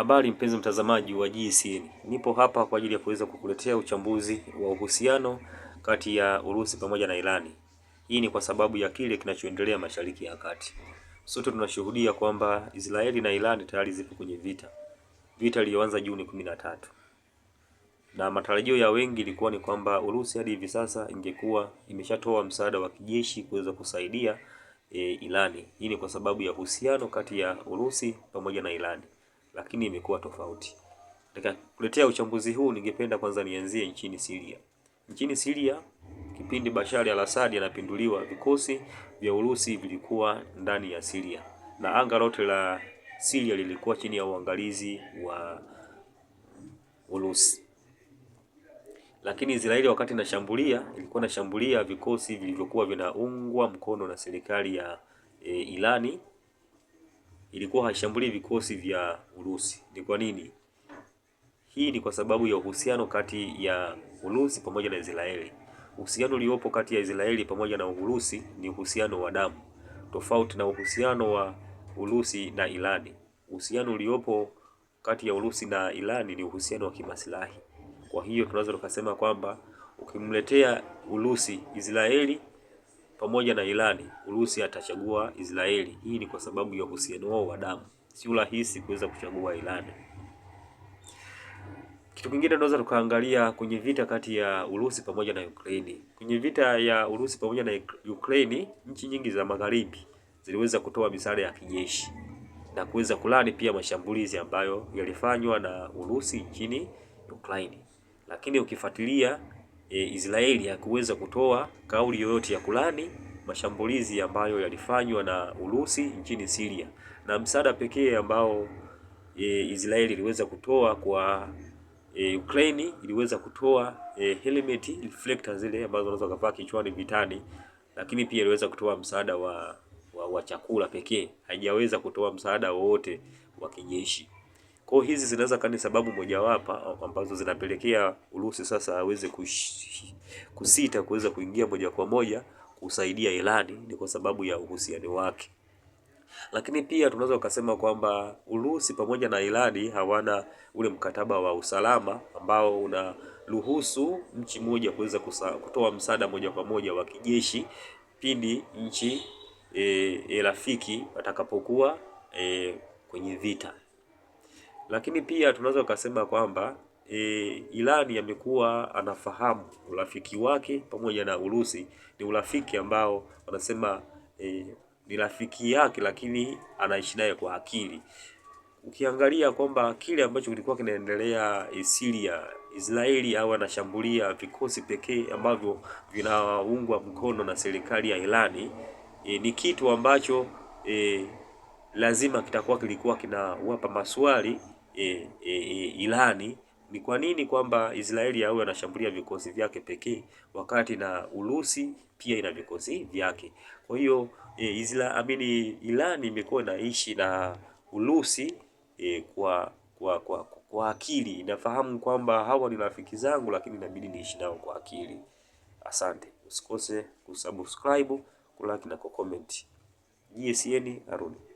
Habari mpenzi mtazamaji wa GCN, nipo hapa kwa ajili ya kuweza kukuletea uchambuzi wa uhusiano kati ya Urusi pamoja na Irani. Hii ni kwa sababu ya kile kinachoendelea Mashariki ya Kati. Sote tunashuhudia kwamba Israeli na Irani tayari zipo kwenye vita, vita iliyoanza Juni 13. na na matarajio ya wengi ilikuwa ni kwamba Urusi hadi hivi sasa ingekuwa imeshatoa msaada wa kijeshi kuweza kusaidia e, Irani. Hii ni kwa sababu ya uhusiano kati ya Urusi pamoja na Irani lakini imekuwa tofauti. Katika kuletea uchambuzi huu, ningependa kwanza nianzie nchini Syria. Nchini Syria, kipindi Bashar al-Assad anapinduliwa, vikosi vya Urusi vilikuwa ndani ya Syria na anga lote la Syria lilikuwa chini ya uangalizi wa Urusi. Lakini Israeli wakati inashambulia ilikuwa inashambulia vikosi vilivyokuwa vinaungwa mkono na serikali ya e, Irani ilikuwa haishambulii vikosi vya Urusi. Ni kwa nini? Hii ni kwa sababu ya uhusiano kati ya Urusi pamoja na Israeli. Uhusiano uliopo kati ya Israeli pamoja na Urusi ni uhusiano wa damu, tofauti na uhusiano wa Urusi na Irani. Uhusiano uliopo kati ya Urusi na Irani ni uhusiano wa kimaslahi. Kwa hiyo tunaweza tukasema kwamba ukimletea Urusi Israeli pamoja na Irani, Urusi atachagua Israeli. Hii ni kwa sababu ya uhusiano wao wa damu, sio rahisi kuweza kuchagua Irani. Kitu kingine tunaweza tukaangalia kwenye vita kati ya Urusi pamoja na Ukraini. Kwenye vita ya Urusi pamoja na Ukraini, nchi nyingi za magharibi ziliweza kutoa misaada ya kijeshi na kuweza kulani pia mashambulizi ambayo yalifanywa na Urusi nchini Ukraini, lakini ukifuatilia e, Israeli hakuweza kutoa kauli yoyote ya kulani mashambulizi ambayo yalifanywa na Urusi nchini Syria, na msaada pekee ambao e, Israeli iliweza kutoa kwa e, Ukraine iliweza kutoa e, helmet reflector zile ambazo unaweza kuvaa kichwani vitani, lakini pia iliweza kutoa msaada wa wa, wa chakula pekee, haijaweza kutoa msaada wowote wa kijeshi. Kwa hizi zinaweza kani ni sababu mojawapo ambazo zinapelekea Urusi sasa aweze kusita kuweza kuingia moja kwa moja kusaidia Irani ni kwa sababu ya uhusiano wake. Lakini pia tunaweza ukasema kwamba Urusi pamoja na Irani hawana ule mkataba wa usalama ambao unaruhusu nchi moja kuweza kutoa msaada moja kwa moja wa kijeshi pindi nchi e, e, rafiki watakapokuwa e, eh, kwenye vita. Lakini pia tunaweza ukasema kwamba e, Iran amekuwa anafahamu urafiki wake pamoja na Urusi ni urafiki ambao wanasema e, ni rafiki yake, lakini anaishi naye kwa akili. Ukiangalia kwamba kile ambacho kilikuwa kinaendelea e, Syria, Israeli au anashambulia vikosi pekee ambavyo vinaungwa mkono na serikali ya Irani e, ni kitu ambacho e, lazima kitakuwa kilikuwa kinawapa maswali e, e, e, ilani ni kwa nini kwamba Israeli yawe anashambulia vikosi vyake pekee wakati na Urusi pia ina vikosi vyake. Kwa hiyo e, Israeli amini Irani imekuwa inaishi na Urusi e, kwa, kwa kwa kwa akili inafahamu kwamba hawa ni rafiki zangu, lakini inabidi niishi nao kwa akili. Asante, usikose kusubscribe, kulike na kucomment. GSN Arudi.